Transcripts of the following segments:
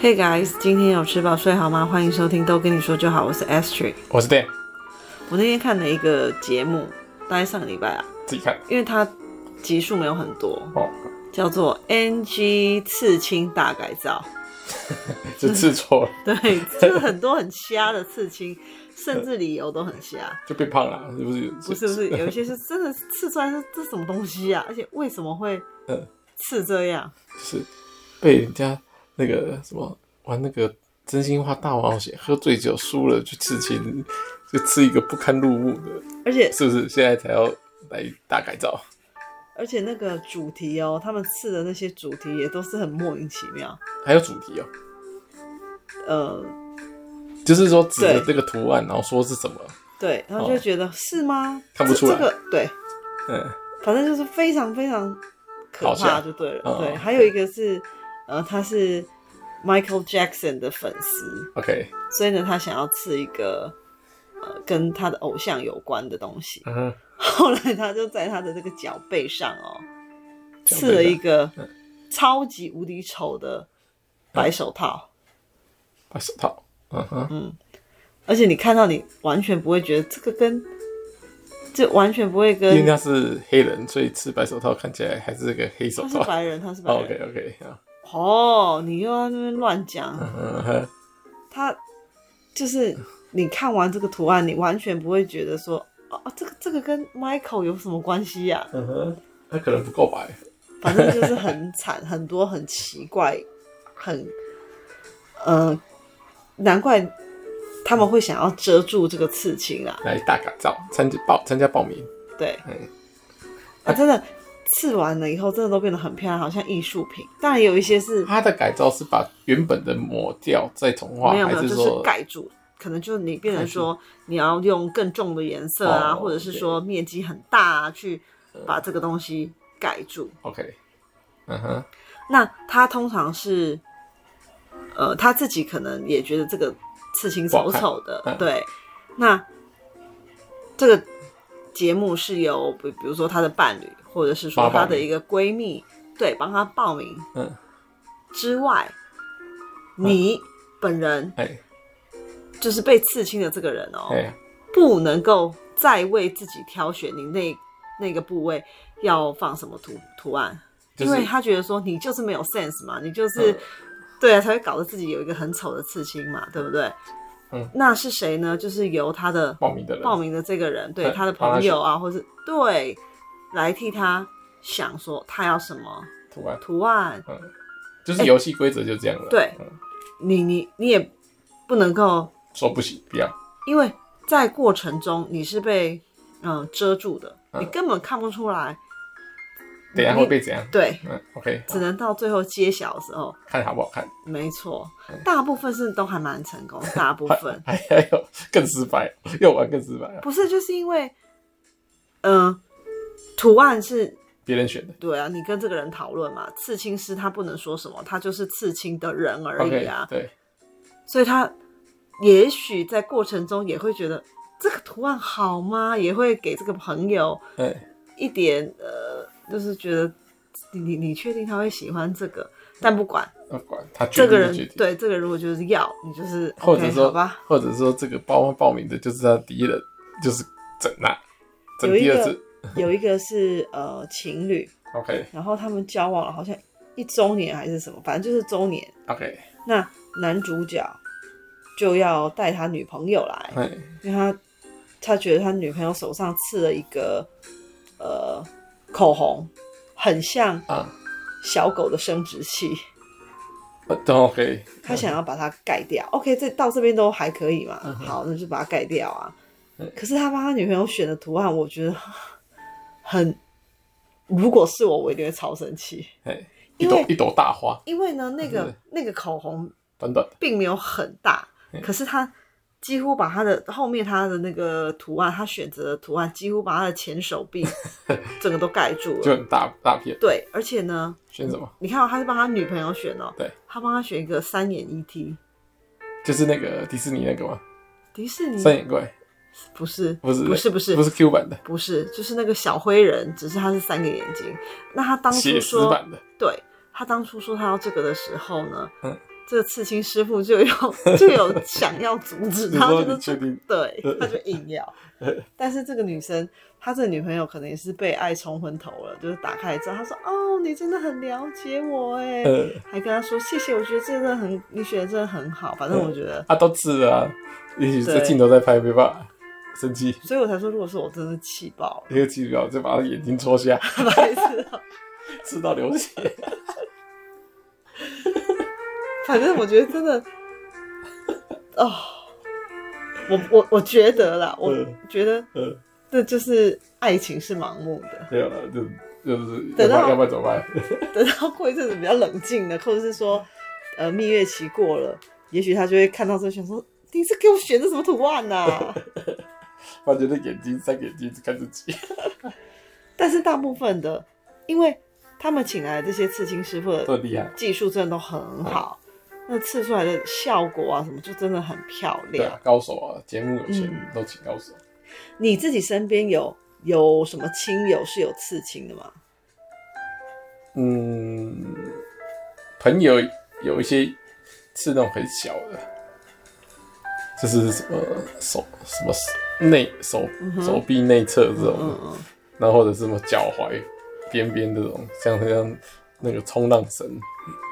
Hey guys，今天有吃飽睡好嗎？歡迎收聽都跟你說就好，我是 Astrid，我是 Dan。我那天看了一個節目，大概上個禮拜啊，自己看，因為它集數沒有很多、哦、叫做《NG 刺青大改造》， 就刺錯了， 對，就是很多很瞎的刺青，甚至理由都很瞎， 就變胖了，是不是？ 不是不是，有一些是真的是刺出來是這什麼東西啊？而且為什麼會刺這樣？嗯、是被人家。 那個什麼玩那個真心話大冒險，喝醉酒輸了去刺青，就刺一個不堪入目的，而且是不是現在才要來大改造？而且那個主題哦，他們刺的那些主題也都是很莫名其妙，還有主題哦，呃，就是說指着這個圖案，然後說是什麼？對，然後就覺得是嗎？看不出來這個對，反正就是非常非常可怕，就對了。對，還有一個是。呃，他是 Michael Jackson 的粉絲，OK，所以呢，他想要刺一個呃跟他的偶像有關的東西。嗯、uh，huh. 後來他就在他的這個腳背上哦，刺了一個超級無敵醜的白手套。白手套，huh. 嗯哼，而且你看到，你完全不會覺得這個跟就完全不會跟，因為他是黑人，所以刺白手套看起來還是個黑手套。他是白人，他是白人。Oh, OK，OK，、okay, okay, 啊、uh。Huh. 哦，你又在那邊亂講。Uh huh. 他就是你看完這個圖案，你完全不會覺得說，哦，啊、這個這個跟 Michael 有什麼關係呀、啊？嗯哼、uh，huh. 他可能不夠白，反正就是很慘， 很多很奇怪，很，呃，難怪他們會想要遮住這個刺青啊。來大改造，參加報參加報名。對，嗯、啊，真的。 刺完了以後，真的都變得很漂亮，好像藝術品。當然有一些是他的改造是把原本的抹掉再重畫。沒有沒有，就是蓋住。可能就是你變成說你要用更重的顏色啊，住或者是說面積很大啊，oh, okay. 去把這個東西蓋住。OK，嗯、uh、哼。Huh. 那他通常是，呃，他自己可能也覺得這個刺青醜醜的。啊、對，那這個。節目是由，比比如說她的伴侶，或者是說她的一個閨蜜，報報對，幫她報名。嗯、之外，嗯、你本人，嘿就是被刺青的這個人哦，嘿不能夠再為自己挑選你那那個部位要放什麼圖圖案，就是、因為他覺得說你就是沒有 sense 嘛，你就是、嗯、對、啊、才會搞得自己有一個很醜的刺青嘛，對不對？那是誰呢？就是由他的報名的報名的這個人，對他的朋友啊，或是對，來替他想說他要什麼圖案圖案，嗯，就是遊戲規則就這樣了。對，你你你也不能夠說不行不要，因為在過程中你是被嗯遮住的，你根本看不出來。等一下會被怎樣對、嗯、okay, 只能到最後揭曉的時候看好不好看。沒錯，嗯、大部分是都還蠻成功，大部分 還還還有更失敗，又玩更失敗。不是，就是因為嗯、呃，圖案是別人選的。對啊，你跟這個人討論嘛，刺青師他不能說什麼，他就是刺青的人而已啊。Okay, 對，所以他也許在過程中也會覺得這個圖案好嗎？也會給這個朋友一點呃。欸就是覺得你你確定他會喜歡這個，但不管，不管，嗯、他這個人對這個如果就是要你就是，或者說 okay, 好吧，或者說這個報報名的就是他第一人，就是整那，啊，整第二次，有一個有一個是呃，情侶，OK，然後他們交往了好像一周年還是什麼，反正就是周年，OK，那男主角就要帶他女朋友來，嘿因為他他覺得他女朋友手上刺了一個呃。口紅很像啊，小狗的生殖器。Uh, OK. 他想要把它蓋掉。OK，這到這邊都還可以嘛。Uh huh. 好，那就把它蓋掉啊。Uh huh. 可是他幫他女朋友選的圖案，我覺得很，如果是我，我一定會超生氣。一朵一朵大花。因為呢，那個、uh huh. 那個口紅等等，並沒有很大，uh huh. 可是它，幾乎把他的後面他的那個圖案，他選擇的圖案幾乎把他的前手臂整個都蓋住了，就很大大片。對，而且呢，選什麼？你看，他是幫他女朋友選哦。對，他幫他選一個三眼 ET，就是那個迪士尼那個嗎？迪士尼三眼怪？不是，不是，不是，不是，不是 Q 版的，不是，就是那個小灰人，只是他是三個眼睛。那他當初說，對，他當初說他要這個的時候呢？嗯。這個刺青師傅就有就有想要阻止，然 後就是你你對， 他就硬要。 但是這個女生，她這個女朋友可能也是被愛衝昏頭了，就是打開之後，她說：“哦，你真的很了解我哎， 還跟他說謝謝，我覺得這個真的很，你選的真的很好。反正我覺得…… 啊，都刺了啊，也許這鏡頭在拍沒辦法，別怕生氣。所以我才說，如果是我，真的氣爆，爆，你個氣爆就把他眼睛戳瞎，知、 啊、到流血。 ”反正我覺得真的，啊、 哦，我我我覺得啦，我覺得這就是愛情是盲目的，沒有了就就是，等到要不要走吧，等到過一陣子比較冷靜的，或者是說、呃、蜜月期過了，也許他就會看到這些，想說，你是給我選的什麼圖案吶、啊？他 覺得眼睛三眼睛看自己， 但是大部分的，因為他們請來的這些刺青師傅的，技術真的都很好。那刺出來的效果啊，什麼就真的很漂亮。對啊，高手啊，節目有錢都請高手。嗯，你自己身邊有有什麼親友是有刺青的嗎？嗯，朋友有一些刺那種很小的，就是什麼手什麼內手內手，嗯哼，手臂內側這種，嗯嗯嗯。然後或者是什麼腳踝邊邊這種，像像那個衝浪繩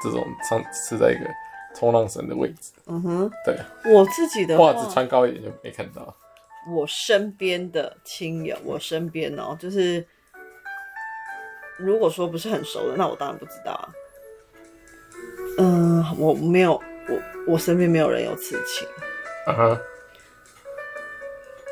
這種，上刺在一個。衝浪繩的位置的，嗯哼、uh，huh. 對我自己的襪子穿高一點就沒看到。我身邊的親友，我身邊哦、喔，就是如果說不是很熟的，那我當然不知道啊。嗯、呃，我沒有，我我身邊沒有人有刺青。啊哈、uh，huh.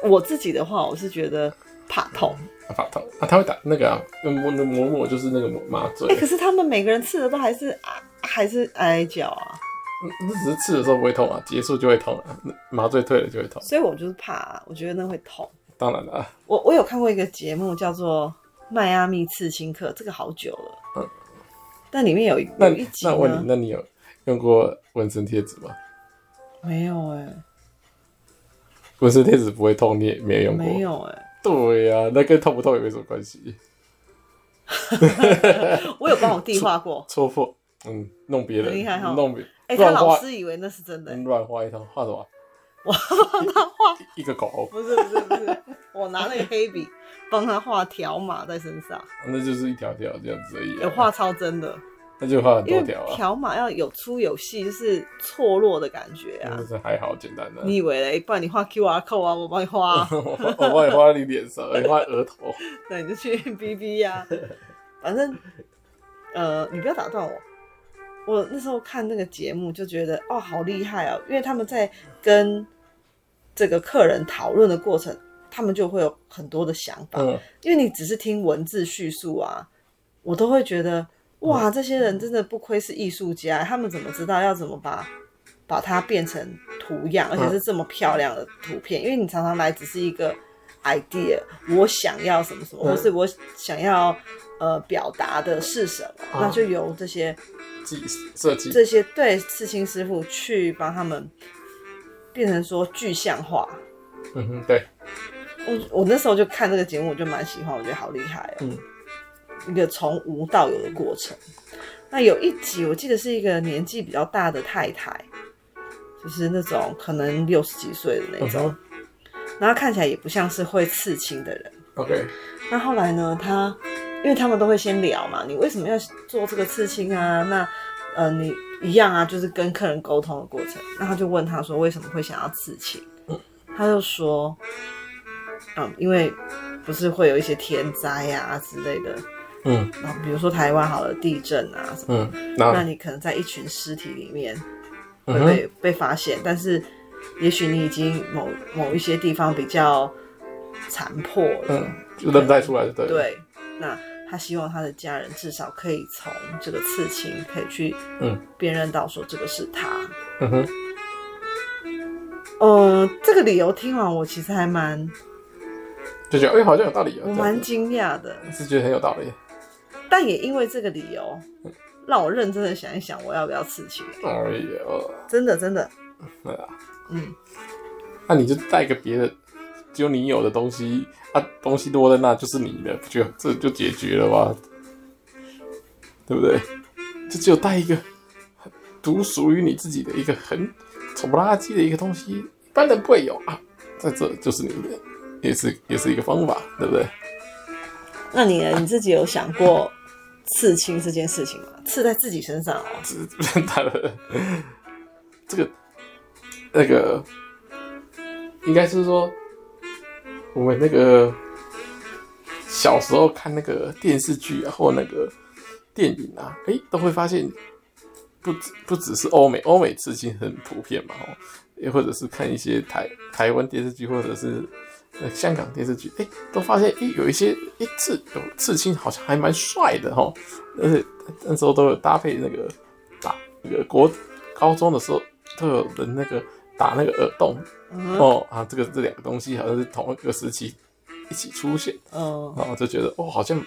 我自己的話，我是覺得怕痛，uh huh. 啊、怕痛啊，他會打那個抹抹抹，嗯、我我就是那個麻醉。哎、欸，可是他們每個人刺的都還是、啊、還是矮腳啊。你只是刺的時候不會痛啊，結束就會痛了、啊，麻醉退了就會痛。所以我就是怕、啊，我覺得那會痛。當然了，我我有看過一個節目叫做《邁阿密刺青客》，這個好久了。嗯。但裡面有一那有一集呢？那我問你，那你有用過紋身貼紙嗎？沒有哎、欸。紋身貼紙不會痛，你也沒有用過。沒有哎、欸。對呀、啊，那跟痛不痛也沒什麼關係。 我有幫我弟畫過，戳破。嗯，弄別人，弄別。哎，他老師以為那是真的。亂畫一套畫什麼？我幫他畫一個狗。不是不是不是，我拿那個黑筆幫他畫條碼在身上。那就是一條條這樣子而已。有畫超真的。那就畫很多條啊。條碼要有粗有細，就是錯落的感覺啊。那是還好簡單的。你以為嘞？不然你畫 QR code 啊，我幫你畫，我幫你畫在你臉上，你畫額頭。那你就去嗶嗶呀，反正呃，你不要打斷我。我那時候看那個節目，就覺得哦，好厲害哦，因為他們在跟這個客人討論的過程，他們就會有很多的想法。嗯。因為你只是聽文字敘述啊，我都會覺得哇，這些人真的不愧是藝術家，嗯。他們怎麼知道要怎麼把把它變成圖樣，而且是這麼漂亮的圖片？嗯。因為你常常來只是一個 idea，我想要什麼什麼，嗯。或是我想要。呃，表達的是什麼？啊、那就由這些，自己設計這些對刺青師傅去幫他們變成說具象化。嗯哼，對。我我那時候就看這個節目，我就蠻喜歡，我覺得好厲害哦、喔。嗯，一個從無到有的過程。那有一集，我記得是一個年紀比較大的太太，就是那種可能六十幾歲的那種，嗯、然後看起來也不像是會刺青的人。OK、嗯。那後來呢，她。因為他們都會先聊嘛，你為什麼要做這個刺青啊？那，呃，你一樣啊，就是跟客人溝通的過程。那他就問他說，為什麼會想要刺青？嗯、他就說，嗯，因為不是會有一些天災啊之類的，嗯，然後比如說台灣好的地震啊什麼，嗯，那你可能在一群屍體裡面會被、嗯、哼被發現，但是也許你已經某某一些地方比較殘破了，嗯，為就能帶出來就對對，那。他希望他的家人至少可以從這個刺青可以去嗯辨認到說，這個是他嗯哼，嗯、呃、這個理由聽完我其實還蠻就覺得哎、欸、好像有道理、哦，我蠻驚訝的，是覺得很有道理，但也因為這個理由讓我認真的想一想我要不要刺青，哎呦有真的真的對、嗯、啊嗯，那你就帶個別的。只有你有的東西啊，東西多的那就是你的，就這就解決了吧，對不對？就只有帶一個獨屬於你自己的一個很醜不拉幾的一個東西，一般人不會有啊，在這就是你的，也是也是一個方法，對不對？那你呢，你自己有想過刺青這件事情嗎？ 刺在自己身上哦， 這個那個應該是說。我們那個小時候看那個電視劇或那個電影啊，誒，都會發現不不只是歐美，歐美刺青很普遍嘛，哦，也或者是看一些台台灣電視劇或者是香港電視劇，誒，都發現誒有一些誒刺有刺青，好像還蠻帥的哦，而且那時候都有搭配那個搭，啊、那個國高中的時候都有的那個。打那個耳洞，uh huh. 哦啊，這個這兩個東西好像是同一個時期一起出現，uh huh. 然後就覺得哦，好像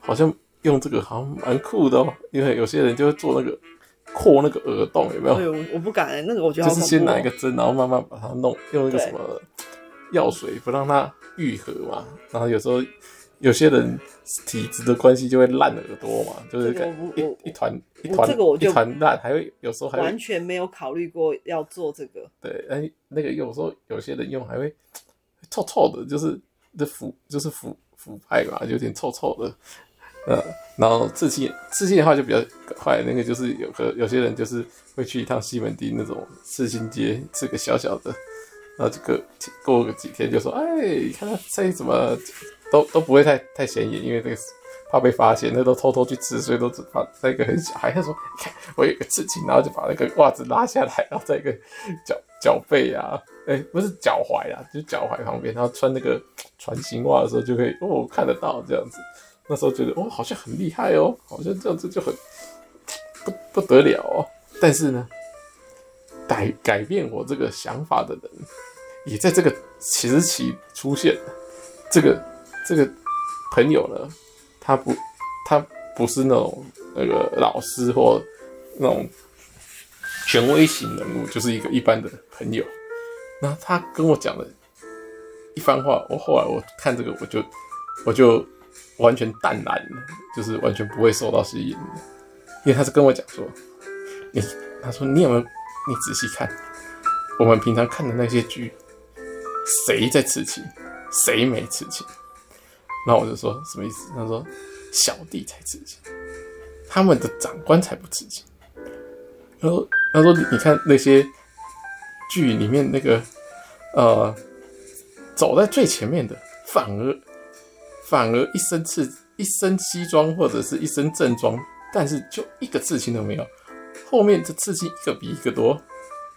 好像用這個好像蠻酷的哦，因為有些人就會做那個擴那個耳洞，有沒有？我我不敢，那個我覺得就是先拿一個針，然後慢慢把它弄，用那個什麼藥水不讓它癒合嘛，然後有時候有些人體質的關係就會爛耳朵嘛，就是一一團。一這個我就、這個、一團爛，還會有時候還完全沒有考慮過要做這個。對，哎，那個有時候有些人用還會臭臭的，就是這腐就是腐腐敗嘛，有點臭臭的。呃，然後刺青，刺青的話就比較快，那個就是有個有些人就是會去一趟西門町那種刺青街，刺個小小的，然後這個過，過個幾天就說，哎，看他再怎麼都都不會太太顯眼，因為這、那個。怕被發現，那都偷偷去吃，所以都只怕那個很小孩。他說：“看，我有個刺青，然後就把那個襪子拉下來，然後在一個腳腳背啊，哎、欸，不是腳踝啊，就腳踝旁邊。然後穿那個船型襪的時候，就可以哦，看得到這樣子。那時候覺得哦，好像很厲害哦、喔，好像這樣子就很不不得了哦、喔。但是呢，改改變我這個想法的人，也在這個時期出現，這個這個朋友呢。”他不，他不是那種那個老師或那種權威型人物，就是一個一般的朋友。那他跟我講了一番話，我後來我看這個，我就我就完全淡然了，就是完全不會受到吸引了。因為他是跟我講說，你，他說你有沒有，你仔細看我們平常看的那些劇，誰在痴情，誰沒痴情。然後我就說什麼意思？他說：“小弟才刺青，他們的長官才不刺青。”他說：“他說你看那些劇裡面那個呃，走在最前面的，反而反而一身刺一身西裝或者是一身正裝，但是就一個刺青都沒有。後面這刺青一個比一個多，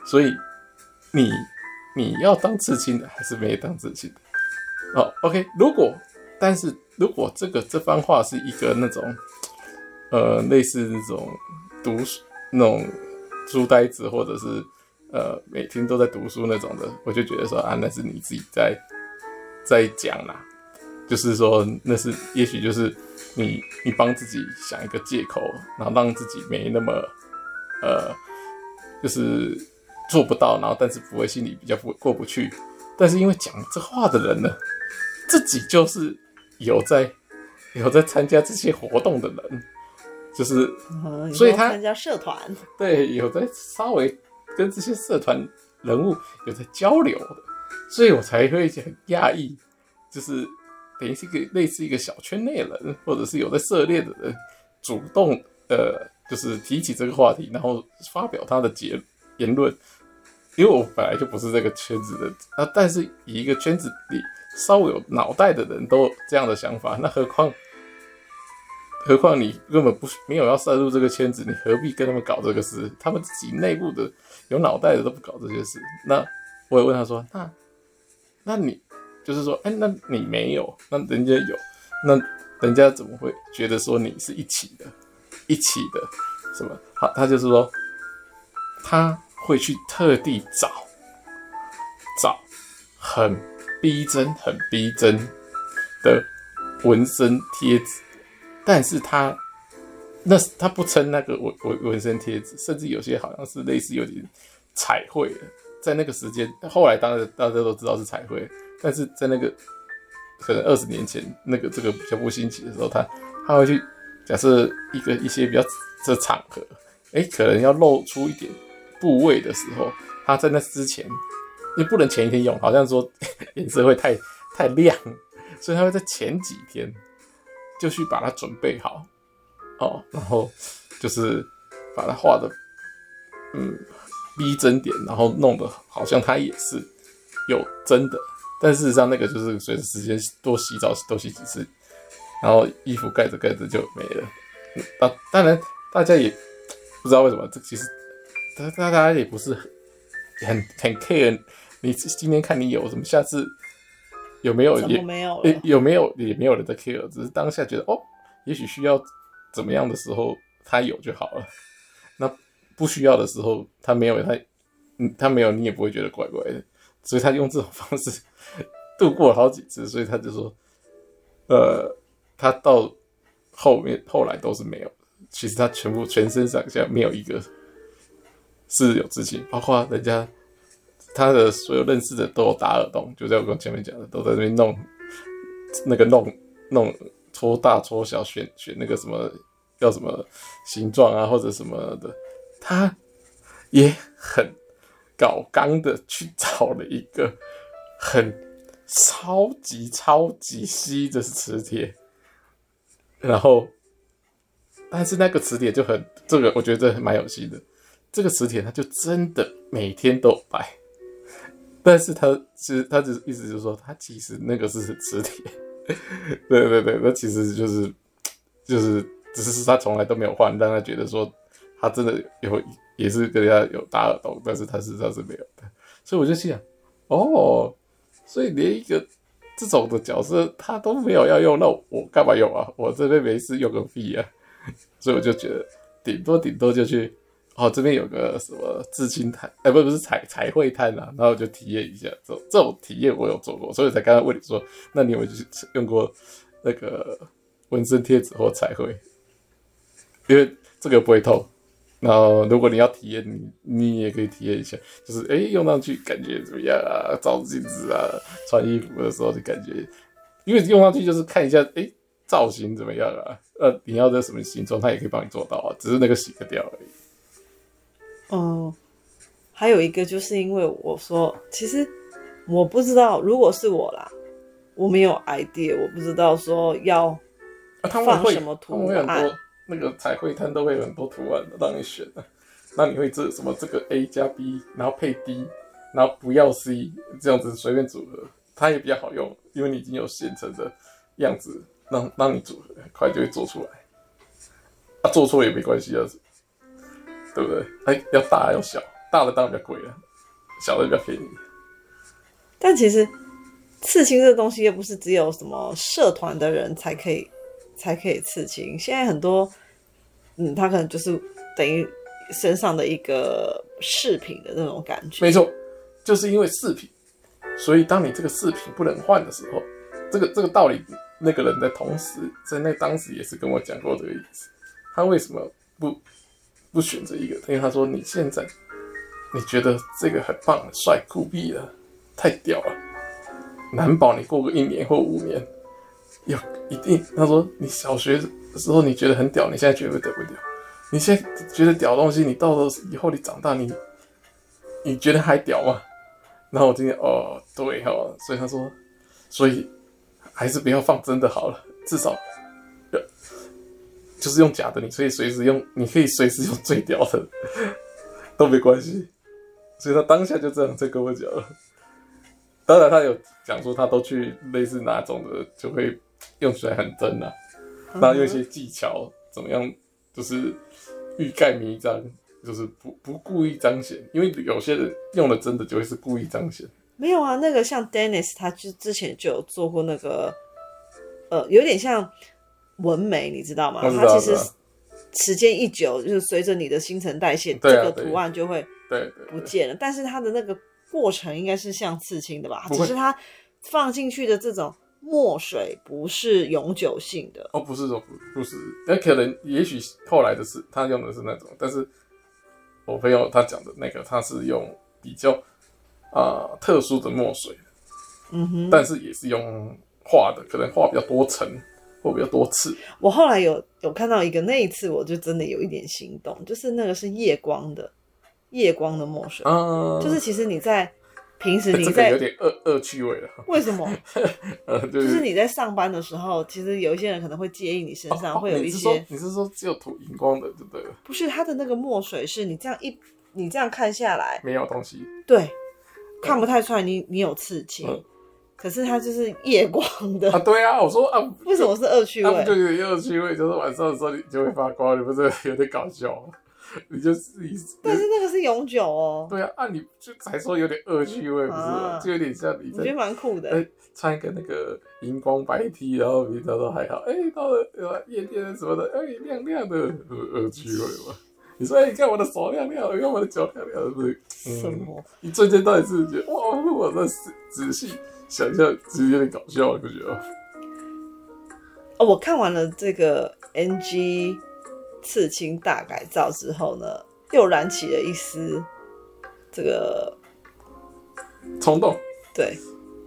所以你你要當刺青的還是沒有當刺青的？哦，OK，如果。”但是如果這個這番話是一個那種，呃，類似那種讀書那種書呆子，或者是呃，每天都在讀書那種的，我就覺得說啊，那是你自己在在講啦，就是說那是也許就是你你幫自己想一個借口，然後讓自己沒那麼呃，就是做不到，然後但是不會心裡比較過不去，但是因為講這話的人呢，自己就是。有在，有在參加這些活動的人，就是，嗯、所以他參加社團，對，有在稍微跟這些社團人物有在交流，所以我才會很訝異，就是等於是一個類似一個小圈內人，或者是有在涉獵的人，主動的，就是提起這個話題，然後發表他的結言論，因為我本來就不是這個圈子的，啊，但是以一個圈子裡。稍微有腦袋的人都有這樣的想法，那何況何況你根本不沒有要滲入這個圈子，你何必跟他們搞這個事？他們自己內部的有腦袋的都不搞這些事。那我也問他說，那那你就是說，哎，那你沒有，那人家有，那人家怎麼會覺得說你是一起的，一起的什麼？好，他就是說他會去特地找找很。逼真，很逼真的紋身貼紙，但是他，那他不稱那個紋紋紋身貼紙，甚至有些好像是類似有點彩繪的，在那個時間，後來當然大家都知道是彩繪，但是在那個可能二十年前那個這個比較不新奇的時候他，他他會去假設一個一些比較這場合，哎、欸，可能要露出一點部位的時候，他在那之前。你不能前一天用，好像說顏色會太太亮，所以他會在前幾天就去把它準備好，哦，然後就是把它畫的嗯逼真點，然後弄得好像它也是有真的，但事實上那個就是隨着時間多洗澡多洗幾次，然後衣服蓋着蓋着就沒了。當、嗯啊、當然大家也不知道為什麼，這其實大家大家也不是很。很很 care，你今天看你有什麼，下次有沒有也沒有，也有沒有也沒有人在 care，只是當下覺得哦，也許需要怎麼樣的時候他有就好了，那不需要的時候他沒有他他沒有你也不會覺得怪怪的，所以他用這種方式度過了好幾次，所以他就說，呃，他到後面後來都是沒有，其實他全部全身上下沒有一個。是有自信，包括人家他的所有認識的都有打耳洞，就在我跟前面講的，都在那邊弄那個弄弄搓大搓小選選那個什麼叫什麼形狀啊或者什麼的，他也很搞剛的去找了一個很超級超級稀的磁鐵，然後但是那個磁鐵就很這個我覺得這蠻有吸的。這個磁鐵，他就真的每天都擺，但是他其實他的意思就是說，他其實那個是磁鐵，對對對，那其實就是就是只是他從來都沒有換，讓他覺得說他真的有也是跟人家有打耳洞，但是他事實上是沒有的，所以我就想，哦，所以連一個這種的角色他都沒有要用，那我幹嘛用啊？我這邊沒事用個屁啊。所以我就覺得頂多頂多就去，哦，這邊有個什麼刺青攤，哎，不不是彩彩繪攤啊，然後就體驗一下，這種這種體驗我有做過，所以才剛剛問你說，那你有沒有去用過那個紋身貼紙或彩繪？因為這個不會透。然後如果你要體驗，你你也可以體驗一下，就是哎、欸、用上去感覺怎麼樣啊？照鏡子啊，穿衣服的時候就感覺，因為用上去就是看一下，哎、欸、造型怎麼樣啊？呃、啊、你要的什麼形狀，它也可以幫你做到啊，只是那個洗不掉而已。嗯，還有一個就是因為我說，其實我不知道，如果是我啦，我沒有 idea，我不知道說要放什麼圖案。那個彩繪攤都會有很多圖案的讓你選的，那你會這什麼這個 A 加 B，然後配 D，然後不要 C，這樣子隨便組合，它也比較好用，因為你已經有現成的樣子，讓讓你組合，很快就會做出來。啊，做錯也沒關係啊。對不對？哎，要大要小，大的當然比較貴啊，小的比較便宜。但其實，刺青這個東西又不是只有什麼社團的人才可以，才可以刺青。現在很多，嗯，他可能就是等於身上的一個飾品的那種感覺。沒錯，就是因為飾品，所以當你這個飾品不能換的時候，這個這個道理。那個人的同時，在那當時也是跟我講過這個意思，他為什麼不？不選擇一個，因為他說你現在，你覺得這個很棒、帥、酷斃了，太屌了，難保你過個一年或五年，有一定。他說你小學的時候你覺得很屌，你現在覺得屌不屌？你現在覺得屌東西，你到時候以後你長大，你你覺得還屌嗎？然後我今天哦，對哦，所以他說，所以還是不要放真的好了，至少。就是用假的，你可以隨時用，你可以隨時用最屌的都沒關係。所以他當下就這樣在跟我講。當然，他有講說，他都去類似哪種的，就會用起來很真啊。然後用一些技巧，怎麼樣，就是欲蓋彌彰，就是不不故意彰顯。因為有些人用了真的，就會是故意彰顯。沒有啊，那個像 Dennis，他之之前就有做過那個，呃，有點像。紋眉你知道嗎？我知道，它，其實，時間一久，就是隨着你的新陳代謝，啊、這個圖案就會對不見了。對對對對。但是它的那個過程應該是像刺青的吧？不會。只是，它放進去的這種墨水不是永久性的哦，不是說、哦，不是。那可能也許後來的是他用的是那種，但是我朋友他講的那個，他是用比較啊、呃、特殊的墨水，嗯哼，但是也是用畫的，可能畫比較多層。會比較多次。我後來有有看到一個，那一次我就真的有一點心動，就是那個是夜光的，夜光的墨水。嗯，就是其實你在平時你在有點惡惡趣味了。為什麼？嗯、對對對，就是你在上班的時候，其實有一些人可能會介意你身上會有一些。哦哦、你，是你是說只有塗熒光的，就對不對？不是，它的那個墨水是你這樣一你這樣看下來沒有東西，對，嗯、看不太出來你你有刺青。嗯可是它就是夜光的啊！對啊，我說啊，為什麼就是惡趣味？啊、就有惡趣味，就是晚上的時候你就會發光，你不是有點搞笑？你就一、是、你、就是，但是那個是永久哦。對啊，啊，你就才說有點惡趣味，不是、啊、就有點像你，我覺得蠻酷的、欸。穿一個那個熒光白 T，然後比他都還好。哎、欸，到了夜店什麼的，哎、欸，亮亮的，惡趣味嘛？ 你說，哎，你看我的手亮亮，你看我的腳亮亮，是不是？嗯。什麼你最近到底是，是覺得哇，我在仔細。想想直接有點搞笑，不覺得？哦，我看完了這個 NG 刺青大改造之後呢，又燃起了一絲這個衝動。對，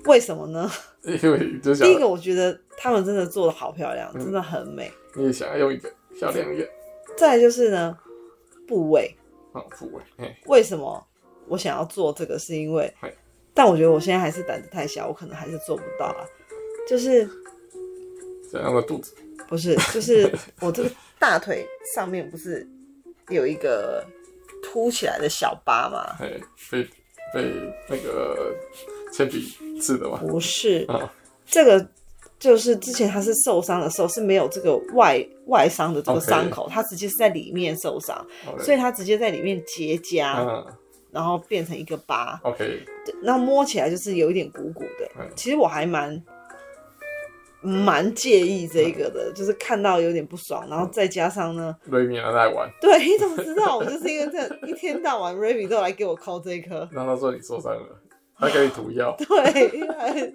為什麼呢？因為就想第一個，我覺得他們真的做得好漂亮，嗯、真的很美。你也想要用一個想要兩個。再來就是呢，部位。啊、哦，部位。為什麼我想要做這個？是因為。但我覺得我現在還是膽子太小，我可能還是做不到啊。就是怎樣的肚子？不是，就是我這個大腿上面不是有一個凸起來的小疤嗎？被被那個鉛筆刺的嗎？不是，嗯、這個就是之前他是受傷的時候是沒有這個外外傷的這個傷口，Okay. 他直接是在裡面受傷，Okay. 所以他直接在裡面結痂。Uh huh. 然後變成一個疤，OK，那摸起來就是有一點鼓鼓的。嗯、其實我還蠻蠻介意這個的，就是看到有點不爽。然後再加上呢、嗯、，Remy 在玩，對，你怎麼知道？我就是因為這 一天到晚，Remy 都來給我摳這顆，然後說你受傷了，他給你塗藥， 對，還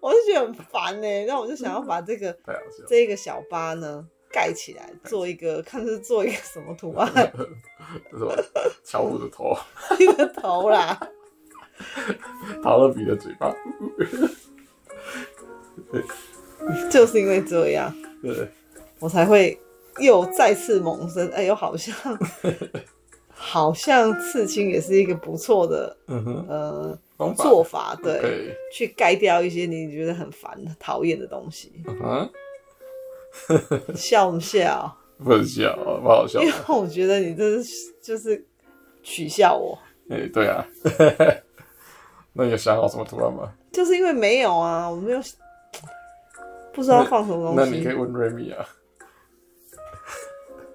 我就覺得很煩呢、欸、那我就想要把這個這個小疤呢。蓋起來做一個，看是做一個什麼圖案？ 是什麼小虎的頭？你的 頭啦，陶了比的嘴巴。 就是因為這樣，對，對，對，我才會又再次萌生，哎呦，好像好像刺青也是一個不錯的，嗯哼，呃、方法做法對。Okay 去蓋掉一些你覺得很煩、討厭的東西。Uh huh， 笑不笑？不能笑，不好，好笑。因為我覺得你這是就是取笑我。哎、欸，對啊。 那你有想好什麼圖案嗎？就是因為沒有啊，我沒有不知道放什麼東西那。那你可以問瑞米啊，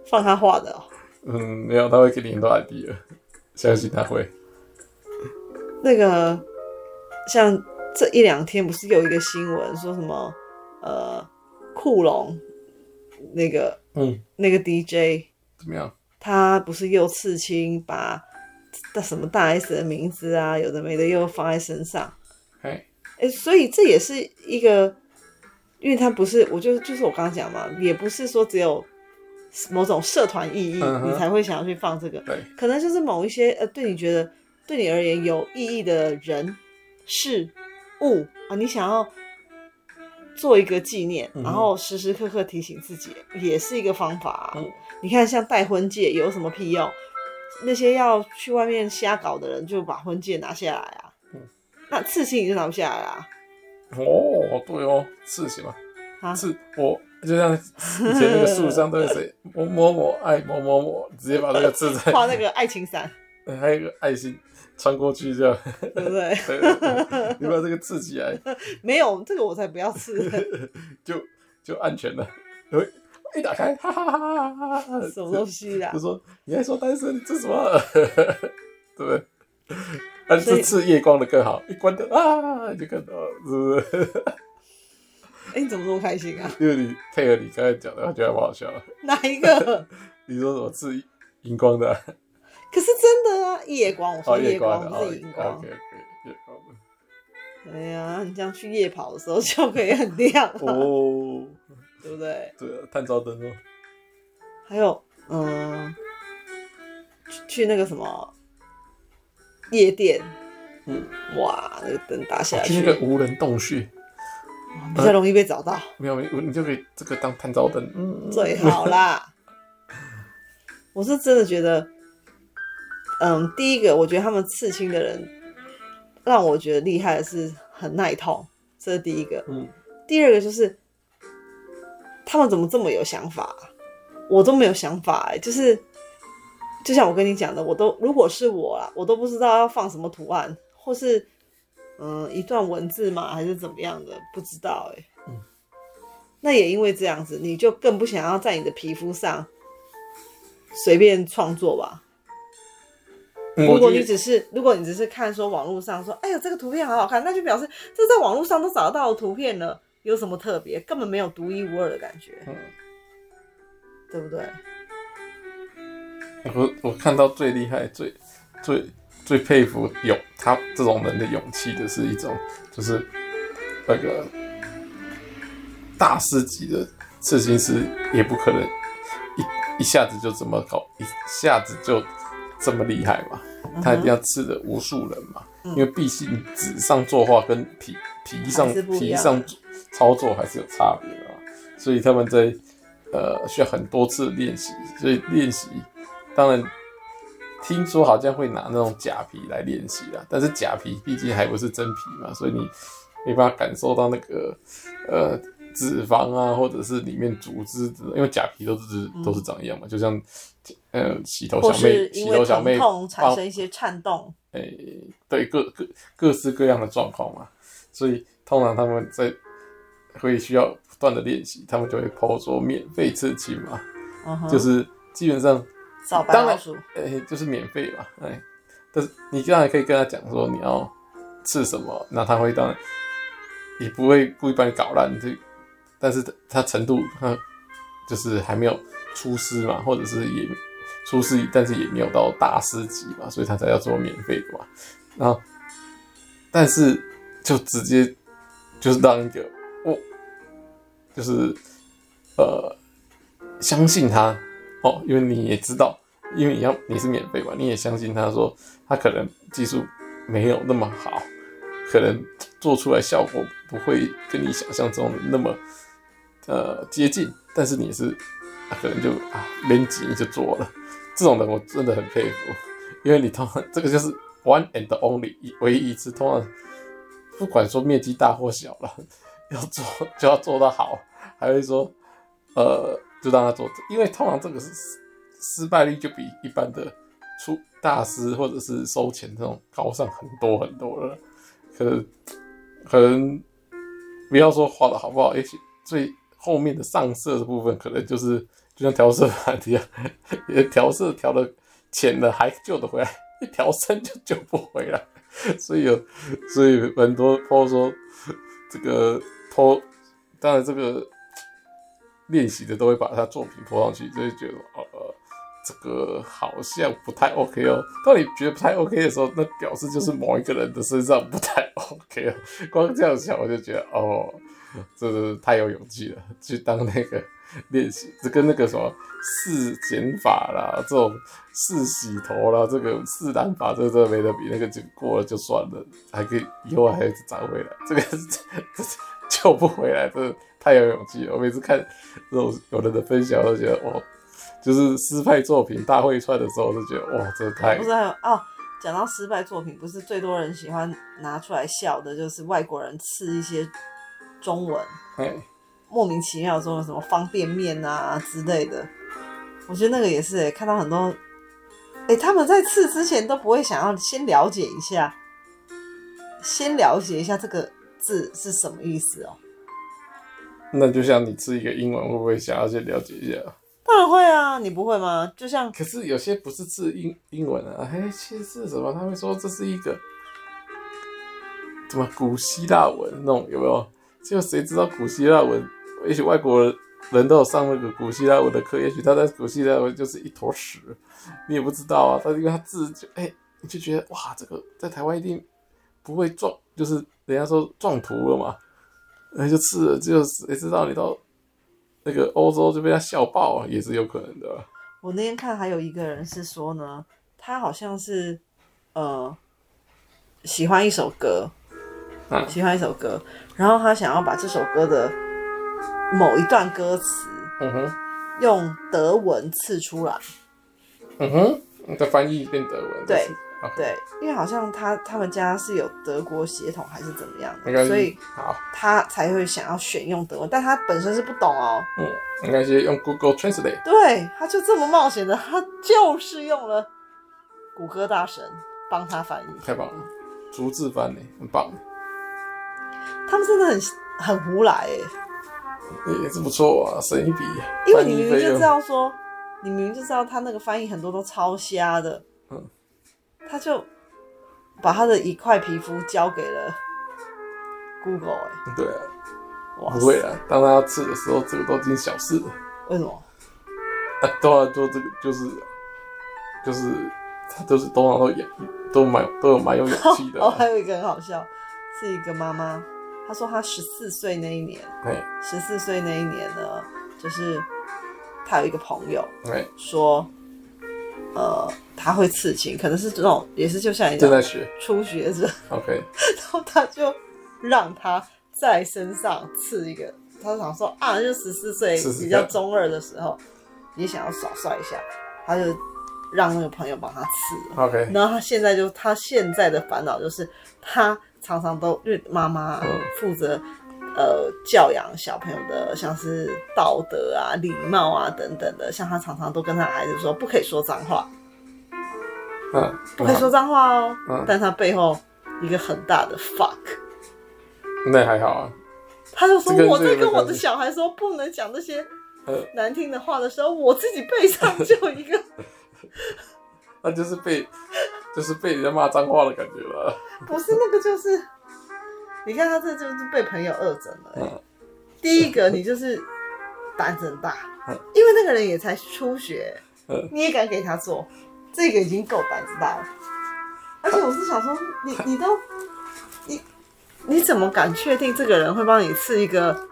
放他畫的、喔。嗯，沒有，他會給你很多 idea 的，相信他會。 那個像這一兩天不是有一個新聞說什麼呃酷龍？那個，嗯，那個 DJ 怎麼樣？他不是又刺青，把大什麼大 S 的名字啊，有的沒的又放在身上。哎嘿、欸，所以這也是一個，因為他不是，我就就是我剛剛講嘛，也不是說只有某種社團意義，嗯、哼你才會想要去放這個。對，可能就是某一些呃，對你覺得對你而言有意義的人、事、物啊，你想要。做一個紀念，然後時時刻刻提醒自己，嗯、也是一個方法、啊。嗯、你看，像戴婚戒有什麼屁用？那些要去外面瞎搞的人，就把婚戒拿下來啊。嗯、那刺青已經拿不下來了、啊。哦，對哦，刺青嘛，啊，是我就像以前那個樹上都是 摸摸摸，愛摸摸摸，直接把那個刺在畫那個愛情傘。還有一個愛心穿過去，這樣對不對？ 對對對，你把這個刺激啊？沒有這個我才不要刺 就。就就安全了，一打開，哈哈哈哈哈哈！什麼東西啊？就說：“你還說單身，這什麼？” 對不對以？還是刺夜光的更好，一關燈啊，就看到了是不是？哎，你怎麼這麼開心啊？因為你配合你剛才講的，覺得蠻好笑的。哪一個？ 你說什麼刺？熒光的、啊？可是真的啊，夜光我說夜光不、哦、是熒光，可以可以夜光哎呀，你這樣去夜跑的時候就可以很亮 哦， 對不對？對啊，探照燈哦。還有，嗯、呃，去那個什麼夜店、嗯，哇，那個燈打下去，去那個無人洞穴，比較、嗯、容易被找到。沒有沒有，你就可以這個當探照燈，嗯、最好啦。 我是真的覺得。嗯，第一個，我覺得他們刺青的人讓我覺得厲害的是很耐痛，這是第一個。嗯，第二個就是他們怎麼這麼有想法、啊，我都沒有想法哎、欸，就是就像我跟你講的，我都，如果是我啦，我都不知道要放什麼圖案，或是嗯一段文字嘛，還是怎麼樣的，不知道哎、欸。嗯、那也因為這樣子，你就更不想要在你的皮膚上隨便創作吧。如果你只是如果你只是看說網絡上說，哎呦這個圖片好好看，那就表示這在網絡上都找得到圖片了，有什麼特別？根本沒有獨一無二的感覺，嗯、對不對？我我看到最厲害、最最最佩服有他這種人的勇氣的是一種，就是那個大師級的刺青師也不可能一一下子就這麼搞，一下子就這麼厲害吧。他一定要刺了無數人嘛，嗯、因為畢竟紙上作畫跟皮皮上皮上操作還是有差別的，所以他們在呃需要很多次練習，所以練習當然聽說好像會拿那種假皮來練習啊，但是假皮畢竟還不是真皮嘛，所以你沒辦法感受到那個呃。脂肪啊，或者是裡面組織的，因為假皮都是都是長一樣嘛，嗯、就像，呃，洗頭小妹，洗頭小妹，呃、產生一些顫動，哎、欸，對各各各式各樣的狀況嘛，所以通常他們在會需要不斷的練習，他們就會拋出免費刺青嘛，嗯、哼就是基本上，當然，欸、就是免費嘛，哎、欸，但是你這樣也可以跟他講說你要刺什麼，那他會當然也不會故意把你搞爛。就但是他程度他就是還沒有出師嘛，或者是也出師，但是也沒有到大師級嘛，所以他才要做免費的嘛。然後，但是就直接就是當一個我就是呃相信他哦，因為你也知道，因為你要你是免費嘛，你也相信他說他可能技術沒有那麼好，可能做出來效果不會跟你想象中那麼。呃，接近，但是你也是、啊、可能就啊，連幾你就做了，這種人我真的很佩服，因為你通常這個就是 one and only 唯一一次，通常不管說面積大或小了，要做就要做到好，還是說呃，就讓他做，因為通常這個是失敗率就比一般的出大師或者是收錢這種高上很多很多了，可可能不要說畫的好不好，也許最。後面的上色的部分可能就是就像調色一樣、啊，調、啊、色調的淺了還救得回來，一調深就救不回來，所以有所以很多朋友說這個 po，當然這個練習的都會把他作品 po 上去，就會覺得哦、呃，這個好像不太 OK 哦。當你覺得不太 OK 的時候，那表示就是某一個人的身上不太 OK 哦。光這樣想我就覺得哦。這是太有勇氣了，去當那個練習，這跟那個什麼試剪髮啦，這種試洗頭啦，這個試染髮，這這個、沒得比。那個就過了就算了，還可以以後還找回來，這個救不回來，這太有勇氣了。我每次看這種有人的分享，我都覺得哦，就是失敗作品大會串的時候，都覺得哇，這太不是還有哦。講到失敗作品，不是最多人喜歡拿出來笑的，就是外國人刺一些。中文，嘿莫名其妙說什麼方便麵啊之類的，我覺得那個也是、欸、看到很多，誒、欸，他們在刺之前都不會想要先了解一下，先了解一下這個字是什麼意思哦、喔。那就像你刺一個英文，會不會想要先了解一下？當然會啊，你不會嗎？就像，可是有些不是刺英英文啊、欸，其實是什麼？他們說這是一個什麼古希臘文那種，有沒有？就誰知道古希臘文，也許外國人，人都有上那個古希臘文的課，也許他在古希臘文就是一坨屎，你也不知道啊。他因為他字就哎、欸，你就覺得哇，這個在台灣一定不會撞，就是人家說撞圖了嘛，然、欸、後就刺了，就是誰知道你到那個歐洲就被他笑爆、啊，也是有可能的。我那天看還有一個人是說呢，他好像是呃喜歡一首歌。喜歡一首歌，然後他想要把這首歌的某一段歌詞，嗯哼，用德文刺出來，嗯哼，再、嗯、翻譯一遍德文。對，哦、對，因為好像他他們家是有德國血統還是怎麼樣的，所以好，他才會想要選用德文，但他本身是不懂哦。嗯，應該是用 Google Translate。對，他就這麼冒險的，他就是用了谷歌大神幫他翻譯，太棒了，逐字翻譯，很棒。他們真的很很胡來哎、欸，也是不錯啊，省一筆。因為你明明就知道說，嗯、你明明就知道他那個翻譯很多都超瞎的，嗯，他就把他的一塊皮膚交給了 Google 哎、欸，對啊，哇塞，不會啊，當他要吃的時候，這個都是小事了。為什麼？啊，都要做這個，就是就是他都是都蠻有演，都蠻都有蠻有勇氣的、啊。哦， 還有一個很好笑，是一個媽媽。他說他十四歲那一年，十四歲那一年呢，就是他有一個朋友，說，嘿呃，他會刺青，可能是這種，也是就像一種初學者。 OK，然後他就讓他在身上刺一個，他就想說啊，就十四歲比較中二的時候，你想要耍帥一下，他就讓那個朋友幫他刺。OK，然後他現在就他現在的煩惱就是他。常常都因為媽媽負責、嗯、呃教養小朋友的，像是道德啊、禮貌啊等等的，像他常常都跟他孩子說不可以說髒話，不可以說髒話、啊、話哦。啊、但他背後一個很大的 fuck，那還好啊。他就說，我在跟我的小孩說不能講這些難聽的話的時候，啊、我自己背上就一個。 那就是被，就是被人家罵髒話的感覺了。不是那個，就是，你看他這就是被朋友惡整了、欸。啊、第一個，你就是膽子很大，啊、因為那個人也才初學，啊、你也敢給他做，這個已經夠膽子大了。啊、而且我是想說，你你都，啊、你你怎麼敢確定這個人會幫你刺一個？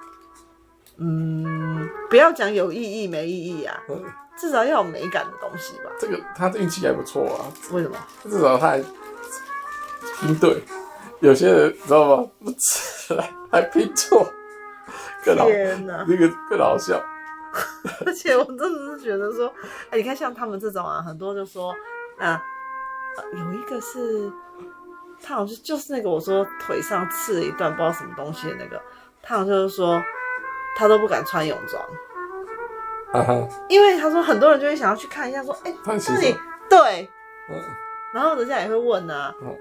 嗯，不要講有意義沒意義啊。啊至少要有美感的東西吧。這個他的運氣還不錯啊。為什麼？至少他還嗯對。有些人 你知道嗎？不 吃，還拼錯，更好天吶哪，那、這個更好笑。 而且我真的是覺得說， 哎，你看像他們這種啊，很多就說啊、呃呃，有一個是他好像就是那個我說腿上刺了一段不知道什麼東西的那個，他好像就是說他都不敢穿泳裝。 因為他說很多人就會想要去看一下，說：“哎、欸，是你對？”嗯，然後人家也會問啊，嗯、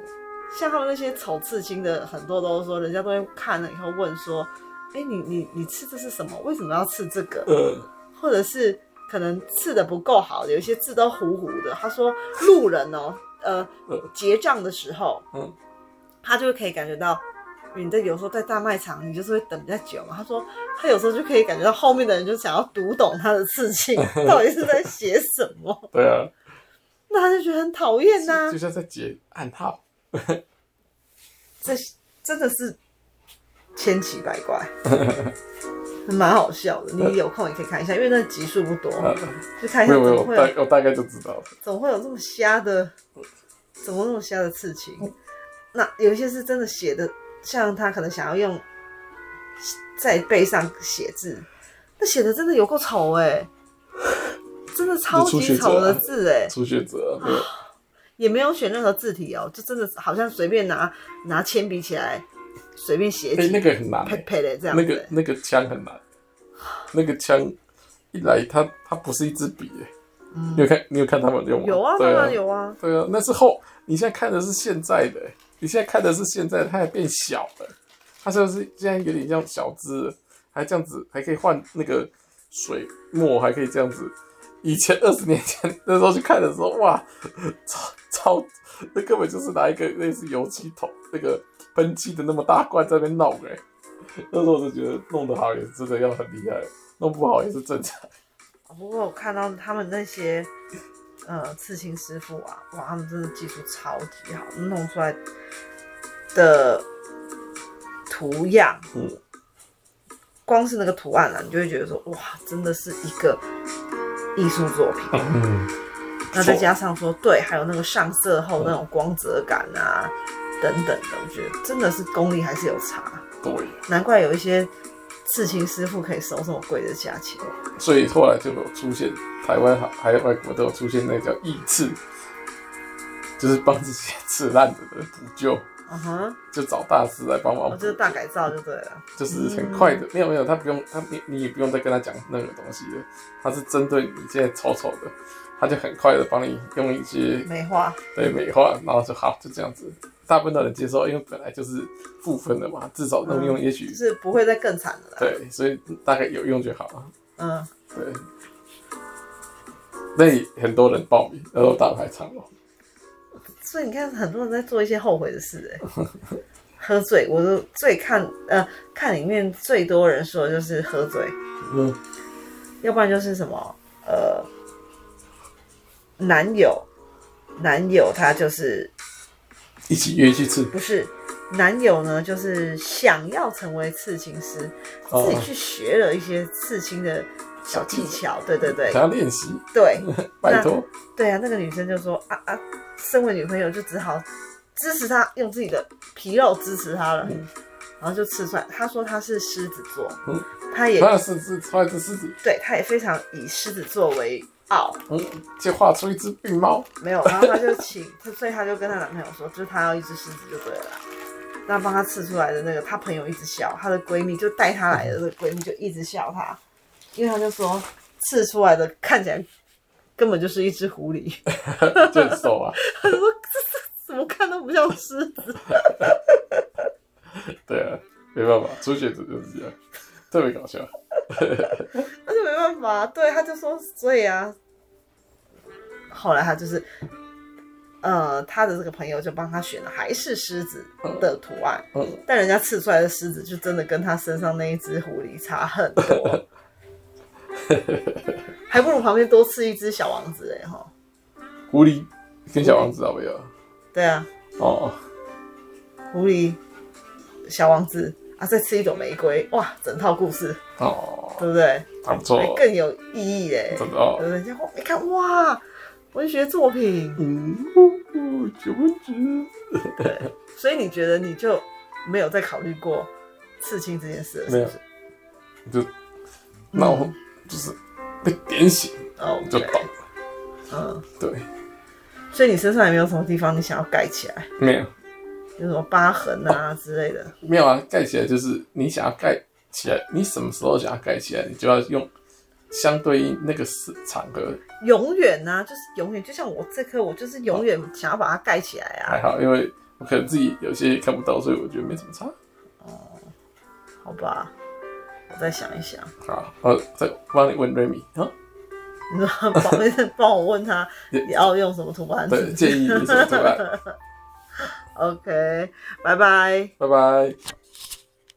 像他們那些醜刺青的，很多都說，人家都會看了以後問說：“哎、欸，你你你刺的是什麼？為什麼要刺這個？”嗯，或者是可能刺的不夠好，有些字都糊糊的。他說：“路人哦、喔，呃，嗯、結賬的時候，嗯，他就會可以感覺到。”你在有時候在大賣場，你就是會等比較久嘛。他說他有時候就可以感覺到後面的人就想要讀懂他的刺青，到底是在寫什麼？ 對啊，那他就覺得很討厭吶、啊。就像在解暗號。 這真的是千奇百怪，蠻 好笑的。你有空也可以看一下， 因為那集數不多、 嗯，就看一下沒有沒有怎麼會我。我大概就知道了，怎麼會有這麼瞎的，怎麼那麼瞎的刺青？嗯、那有一些是真的寫的。像他可能想要用在背上寫字，那寫的真的有夠醜哎，真的超級醜的字哎、欸，初學者、啊初學者啊對啊，也沒有選任何字體哦、喔，就真的好像隨便拿拿鉛筆起來隨便寫，哎、欸、那個很難、欸，配配的這樣、欸、那個那個槍很難，那個槍一來它它不是一支筆、欸，嗯、你有看你有看他們用嗎？有啊，對啊當然有啊，對啊，那之後你現在看的是現在的、欸。你現在看的是現在，它還變小了，它是不是現在有點像小只？還這樣子還可以換那個水墨，還可以這樣子。以前二十年前那時候去看的時候，哇，超超，那根本就是拿一個類似油漆桶那個噴漆的那麼大罐在那弄哎、欸。那時候我就覺得弄得好也是真的要很厲害，弄不好也是正常。不過我看到他們那些呃刺青師傅啊，哇，他們真的技術超級好，弄出來。的圖樣嗯，光是那個圖案啊，你就會覺得說，哇，真的是一個藝術作品。嗯，那再加上說，對，還有那個上色後那種光澤感啊，嗯、等等的，我覺得真的是功力還是有差。對，難怪有一些刺青師傅可以收這麼貴的價錢。所以後來就有出現，台灣好，還有外國都有出現那個叫義刺，就是幫這些刺爛的人補救。嗯哼，uh huh. 就找大師來幫忙，就是大改造就對了，就是很快的，沒有沒有，他不用他你你也不用再跟他講那個東西了，他是針對你現在醜丑的，他就很快的幫你用一些美化，對美化，然後就好就這樣子，大部分都能接受，因為本來就是負分的嘛，至少能用，也許是不會再更慘了，對，所以大概有用就好了，嗯，對，那裡很多人報名，然後大排長龍哦。所以你看，很多人在做一些後悔的事，欸，哎， 喝醉，我都最看呃看裡面最多人說的就是喝醉，嗯，要不然就是什麼呃、男友，男友他就是一起約去刺，不是，男友呢就是想要成為刺青師，哦，自己去學了一些刺青的小技巧，想對對對，想要練習，對， 拜託託，對啊，那個女生就說啊啊。啊身為女朋友就只好支持他，用自己的皮肉支持他了，嗯、然後就刺出來。她說她是獅子座，嗯、她也獅子，超也是獅子。子對，她也非常以獅子座為傲。嗯，就畫出一隻病貓、嗯，沒有。然後她就請 她所以她就跟她男朋友說，就是她要一隻獅子就對了。然後幫她刺出來的那個，她朋友一直笑，她的閨蜜就帶她來的，嗯、這個閨蜜就一直笑她，因為她就說刺出來的看起來。根本就是一隻狐狸，真 瘦啊！我怎 麼看都不像獅子。 ” 對啊，沒辦法，初學者就是這樣，特別搞笑。那 就沒辦法，對，他就說：“所以啊，後來他就是，呃，他的這個朋友就幫他選了還是獅子的圖案，嗯嗯、但人家刺出來的獅子就真的跟他身上那一隻狐狸差很多。” 還不如旁邊多刺一隻小王子哎，狐狸跟小王子有，不要對啊。哦。狐狸小王子啊，再刺一朵玫瑰，哇，整套故事哦，對不對？還不錯，還更有意義哎。真的哦。人家，你看哇，文學作品。嗯，嗯，嗯，小王子。 對。所以你覺得你就沒有在考慮過刺青這件事了是不是？沒有。就那我、嗯。就是被點醒，然後，就懂了，Okay ,嗯，對。所以你身上也沒有什麼地方你想要蓋起來？沒有，有什麼疤痕啊之類的、哦？沒有啊，蓋起來就是你想要蓋起來，你什麼時候想要蓋起來，你就要用相對應那個場合。永遠啊，就是永遠，就像我這顆，我就是永遠想要把它蓋起來啊。還好，因為我可能自己有些看不到，所以我覺得沒什麼差。哦、嗯，好吧。我再想一想，好，我再幫你問瑞米。你說幫我問他，你要用什麼圖案？對，建議你 OK，拜拜，拜拜。